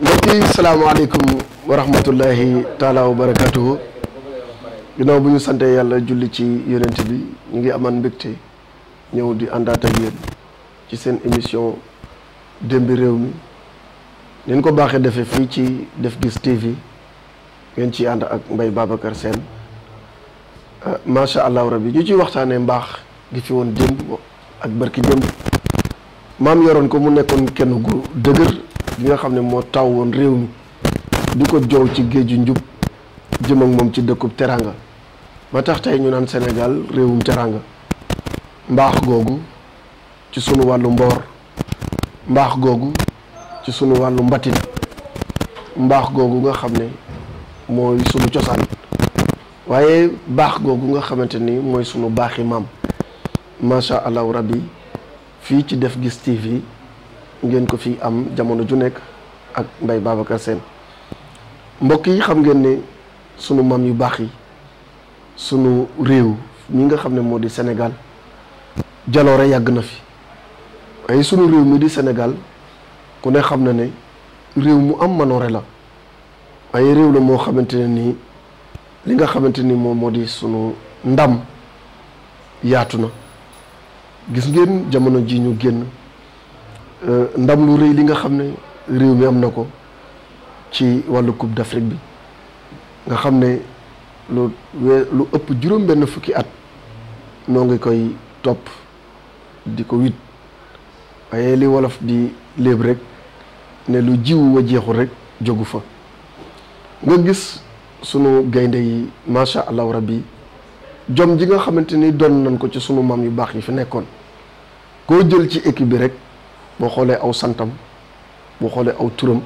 mbokk yi salaamaaleykum wa rahmatullahi taala wa barakatuhu ginnaaw bu ñu sante yàlla julli ci yonent bi ñu ngi aman mbégte ñëw di àndaat ak yéen ci seen émission démbi réew mi leen ko baaxee defee fii ci Def Guiss TV ngeen ci ànd ak Mbaye Babacar Sène euh, macha allahu rabbi ñu ciy waxtaanee mbaax gi fi woon démb ak barki démb maam yoroon ko mu nekkoon kenn dëgër bi nga xam ne moo taw woon réew mi di ko joow ci géeju njub jëm moom ci dëkku teranga ba tax tey ñu naan senegal réewum teranga mbaax googu ci sunu wàllu mboor mbaax googu ci sunu wàllu mbatin mbaax googu nga xam ne mooy sunu cosaan waaye baax googu nga xamante ni mooy sunu baaxi maam macha allahu rabbi fii ci Def gis TV ngeen ko fi am jamono ju nekk ak Mbaye Babacar Sène mbokk yi xam ngeen ne sunu maam yu baax yi sunu réew mi nga xam ne moo di senegal jaloore yàgg na fi waaye sunu réew mi di Sénégal ku ne xam na ne réew mu am manoore la waaye réew la moo xamante ne nii li nga xamante ni moom moo di sunu ndam yaatu na gis ngeen jamono ji ñu génn Euh, ndam lu rëy li nga xam ne réew mi am na ko ci wàllu coupe d'Afrique bi nga xam ne lu lu ëpp juróom-benn fukki at moo ngi koy topp di ko wit waaye li wolof di léeb rek ne lu jiwu wa jeexu rek jógu fa nga gis sunu gaynde yi macha allahu rabbi jom ji nga xamante ni doon nañ ko ci sunu maam yu baax yi fi nekkoon koo jël ci équipe bi rek boo xoolee aw santam boo xoolee aw turam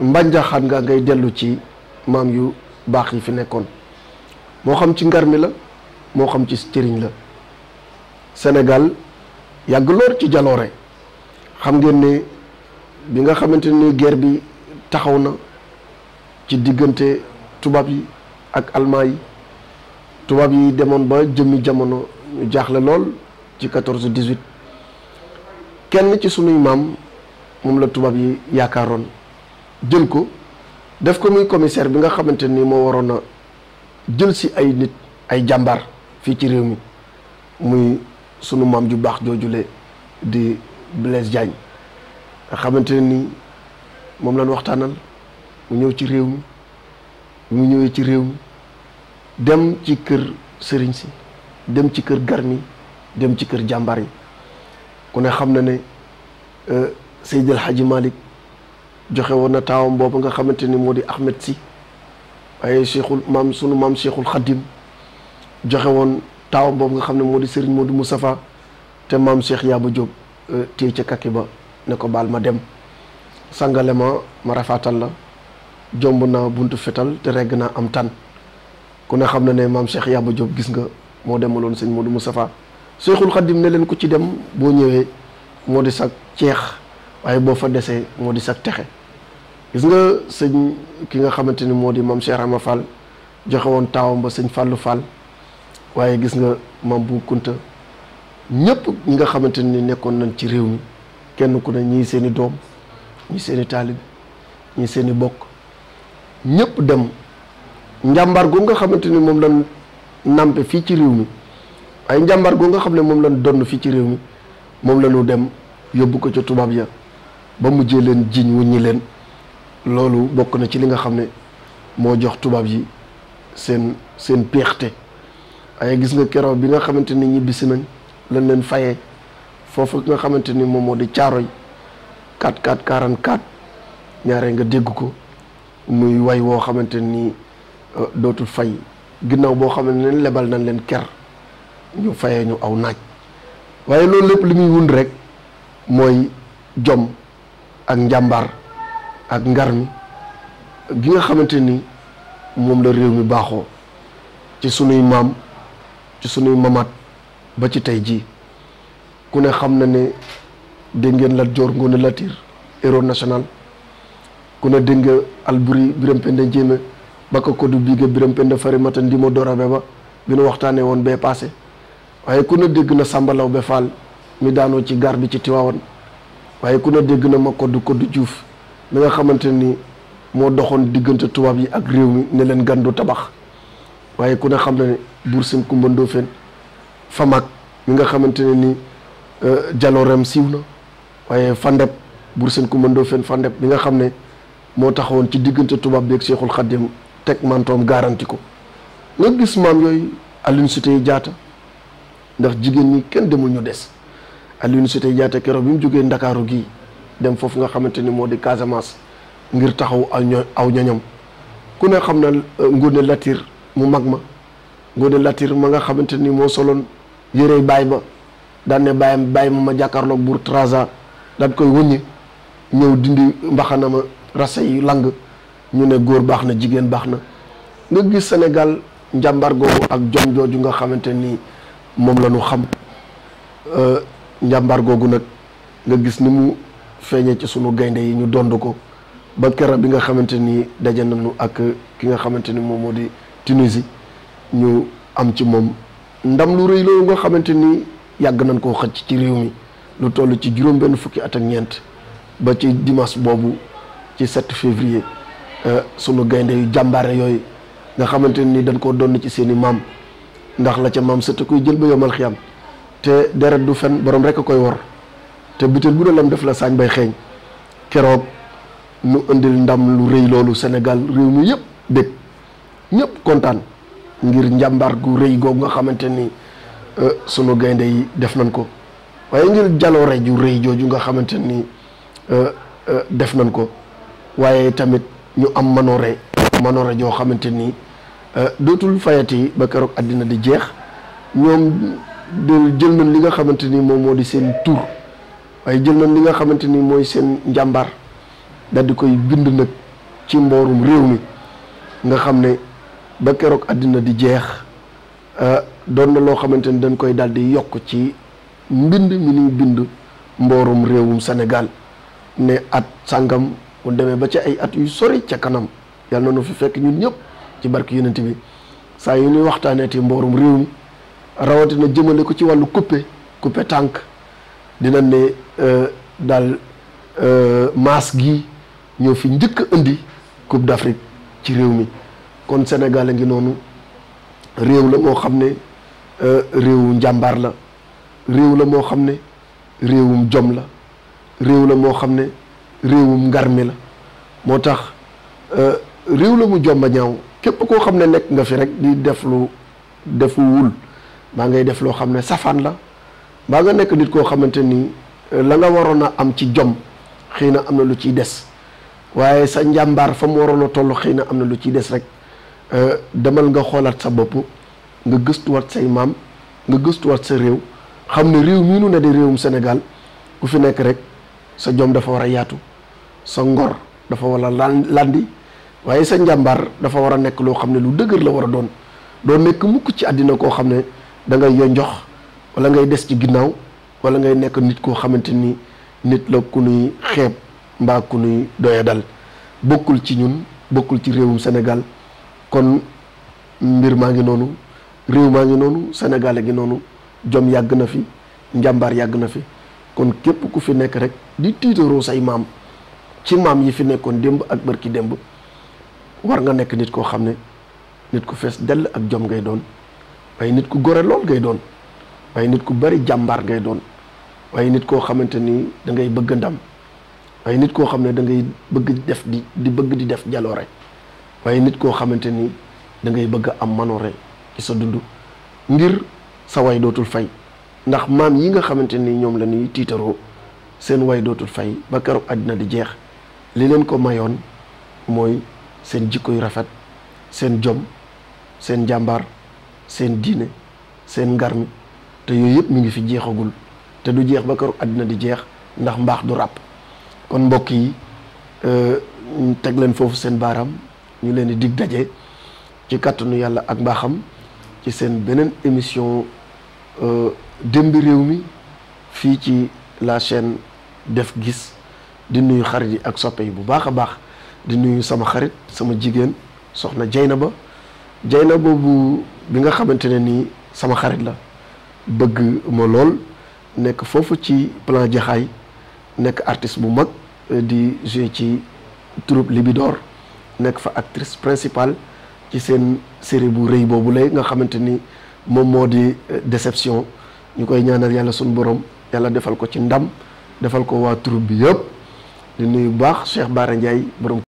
mbànjaaxaan nga ngay dellu ci maam yu baax yi fi nekkoon moo xam ci ngar mi la moo xam ci cëriñ la senegal yàgg lool ci jaloore xam ngeen ne bi nga xamante ni guerre bi taxaw na ci diggante tubaab yi ak almaañ yi tubaab yi demoon ba jëmmi jamono ñu jaaxle lool ci 14 18 kenn ci sunuy maam moom la tubaab yi yaakaaroon jël ko def ko muy commissaire bi nga xamante ni moo waroon a jël si ay nit ay jàmbaar fii ci réew mi muy sunu maam ju baax joojule di Blaise Diagne nga xamante ne ni moom lañ waxtaanal mu ñëw ci réew mi mu ñëwee ci réew mi dem ci kër sëriñ si dem ci kër garmi dem ci kër jàmbaar yi ku ne xam na ne euh, Seydi El Hadji Malick joxe woon na taawam boobu nga xamante ni moo di Ahmed Sy waaye cheikhul maam sunu maam cheikhul Khadim joxe woon taawam boobu nga xam ne moo di moo Serigne mu Moustapha te maam Cheikh Yaba Diop euh, téye ca kaki ba ne ko baal ma dem sangale ma ma rafaatal la jomb naa buntu fetal te regg naa am tan ku ne xam ne ne maam Cheikh Yaba Diop gis nga moo demaloon sëñ mu Moustapha Seexul Xaddim ne leen ku ci dem boo ñëwee moo di sag ceex waaye boo fa desee moo di sag texe gis nga sëñ ki nga xamante ni moo di maam Cheikh Rama joxe woon taawam ba sëñ Fallou waaye gis nga maam bu kunta ñëpp nga xamante ni nekkoon nañ ci réew mi kenn ku ne ñii seeni doom ñii seeni taalib ñii seeni bokk ñëpp dem njàmbaar gu nga xamante ni moom lañ nàmpe fii ci réew mi ay njàmbaar goo nga xam ne moom lan donn fii ci réew mi moom la ñu dem yóbbu ko ca tubaab ya ba mujjee leen jiiñ jiñ wuññi leen loolu bokk na ci li nga xam ne moo jox tubaab yi seen seen péexte ay gis nga keroog bi nga xamante ni ñibbisi nañ lañ leen fayee foofu nga xamante ni moom moo di caaroy 44 44 ñaare nga dégg ko muy way woo xamante ni euh, dootul fay ginnaaw boo xam ne lebal nañ leen ker ñu fayee ñu aw naaj waaye loolu lépp li muy wund rek mooy jom ak njàmbaar ak ngarmi gi nga xamante ni moom la réew mi baaxoo ci sunuy maam ci sunuy mamaat ba ci tey jii ku ne xam na ne dégg ngeen Lat Joor la Latiir héros national ku ne dégg nga Alburi Biram Penda Njéemé Baka Kodu Biige Biram Penda Farimata Ndimo Dora Beba bi nu waxtaanee woon bee paase waaye ku ne dégg na Samba be Fall mi daanoo ci gaar bi ci Tiwaawan waaye ku ne dégg na ma koddu koddu juuf mi nga xamante ni moo doxoon diggante tubaab yi ak réew mi ne leen gandu tabax waaye ku ne xam ne buur seen Kumba Ndoofeen Famak mi nga xamante ne ni euh, jaloorem siiw na waaye Fandeb buur seen Kumba Ndoofeen Fandeb mi nga xam ne moo taxawoon ci diggante tubaab bi Seexul Xaddim teg mantoom garanti ko nga gis maam yooyu Aline Sitoé Diatta ndax jigéen ñi kenn demul ñu des Aline Sitoé Diatta keroog bi mu jógee ndakaaru gii dem foofu nga xamante ni moo di Casamance ngir taxaw aw ñoñam ku ne xam na euh, Ngoné latiir mu mag ma Ngoné Latyr ma nga xamante ni moo soloon yërey baay ba daan ne bàyyam bàyyi ma ma jàkkaarloog buur trasa daan koy wëññi ñëw dindi mbaxana ma rase yi lang ñu ne góor baax na jigéen baax na nga gis senegal njàmbar googu ak jom jooju nga xamante nii moom la ñu xam euh, njàmbaar googu nag nga gis ni mu feeñee ci sunu gaynde yi ñu dond ko ba keroog bi nga xamante ni daje nañu ak ki nga xamante ni moom moo di Tunisie ñu am ci moom ndam lu rëy loolu nga xamante ni yàgg nañ koo xëcc ci réew mi lu toll ci juróom benn fukki at ak ñeent ba ci dimanche boobu ci 7 février euh, sunu gaynde yu jàmbaare yooyu nga xamante ni dañ koo donn ci seen i maam ndax la ca maam sëta koy jël ba yomal am te deret du fen boroom rek a koy wor te butéel bu ne lam def la saañ bay xeeñ keroog nu indil ndam lu rëy loolu senegal réew mi yëpp bég ñëpp kontaan ngir njàmbaar gu rëy googu nga xamante ni euh, sunu gaynde yi def nañ ko waaye jaloore ju rëy jooju nga xamante ni euh, euh, def nañ ko waaye tamit ñu am manoore manoore joo xamante ni Euh, dootul yi ba keroog àddina di jeex ñoom do jël li nga xamante ni moom moo di seen tur waaye jël li nga xamante ni mooy seen njàmbaar daal di koy bind nag ci mboorum réew mi nga xam ne ba keroog àddina di jeex euh, doon na loo xamante ni dañ koy daal di yokk ci mbind mi ñuy bind mboorum réewum senegal ne at sàngam bu demee ba ca ay at yu sori ca kanam yàlla na nu fi fekk ñun ñëpp ci barke yonent bi saa yu ñuy waxtaanee ti mboorum réew mi rawatina jëmale ko ci wàllu coupé coupé tànk dina ne euh, daal euh, maas gi ñoo fi njëkk indi coupe d'Afrique ci réew mi kon Sénégal ngi noonu réew la moo xam ne euh, réewum njàmbaar la réew la moo xam ne réewum jom la réew la moo xam ne réewum ngarmi la moo tax réew la mu jomba ñaaw képp koo xam ne nekk nga fi rek di def lu defuwul maa ngay def loo xam ne safaan la maa nga nekk nit koo xamante ni euh, la nga waroon a am ci jom xëy na am na lu ciy des waaye sa njàmbaar fa mu waroon a toll xëy na am na lu ciy des rek euh, demal nga xoolaat sa bopp nga gëstuwaat say maam nga gëstuwaat sa réew xam ne réew mii nu ne di réewum Sénégal ku fi nekk rek sa jom dafa war a yaatu sa ngor dafa war a landi waaye sa njàmbaar dafa war a nekk loo xam ne lu dëgër la war a doon doo nekk mukk ci àddina koo xam ne da ngay yonjox wala ngay des ci ginnaaw wala ngay nekk nit koo xamante ni nit la ku nuy xeeb mbaa ku nuy doya dal bokkul ci ñun bokkul ci réewum senegal kon mbir maa ngi noonu réew maa ngi noonu Sénégal gi noonu jom yàgg na fi njàmbaar yàgg na fi kon képp ku fi nekk rek di tiitaroo say maam ci maam yi fi nekkoon démb ak bërki démb war nga nekk nit koo xam ne nit ku fees dell ak jom ngay doon waaye nit ku gore lool ngay doon waaye nit ku bari jàmbaar ngay doon waaye nit koo xamante ni dangay bëgg ndam waaye nit koo xam ne da bëgg def di di bëgg di def jaloore waaye nit koo xamante ni da ngay bëgg am manoore ci sa dund ngir sa way dootul fay ndax maam yi nga xamante ni ñoom la ñuy tiitaroo seen way dootul fay ba keroog àddina di jeex li leen ko mayoon mooy seen jikko yu rafet seen jom seen jàmbaar seen diine seen ngarmi te yooyu yëpp mu ngi fi jeexagul te du jeex ba këru àddina di jeex ndax mbaax du ràpp kon mbokk yi euh, teg leen foofu seen baaram ñu leen di dig daje ci kàttanu yàlla ak mbaaxam ci seen beneen émission euh, démbi réew mi fii ci la chaîne Def gis di nuyu xarit yi ak soppe yi bu baax a baax di nuyu sama xarit sama jigéen soxna Jaynaba Jaynaba boobu bi nga xamante ne nii sama xarit la bëgg ma lool nekk foofu ci plan jaxaay nekk artiste bu mag euh, di joué ci troupe Libidor nekk fa actrice principal ci seen série bu rëy boobu lay nga xamante ni moom moo di euh, déception ñu koy ñaanal yàlla suñu borom yàlla defal ko ci ndam defal ko waa troupe bi yëpp di nuyu baax Cheikh Bara Ndiaye borom.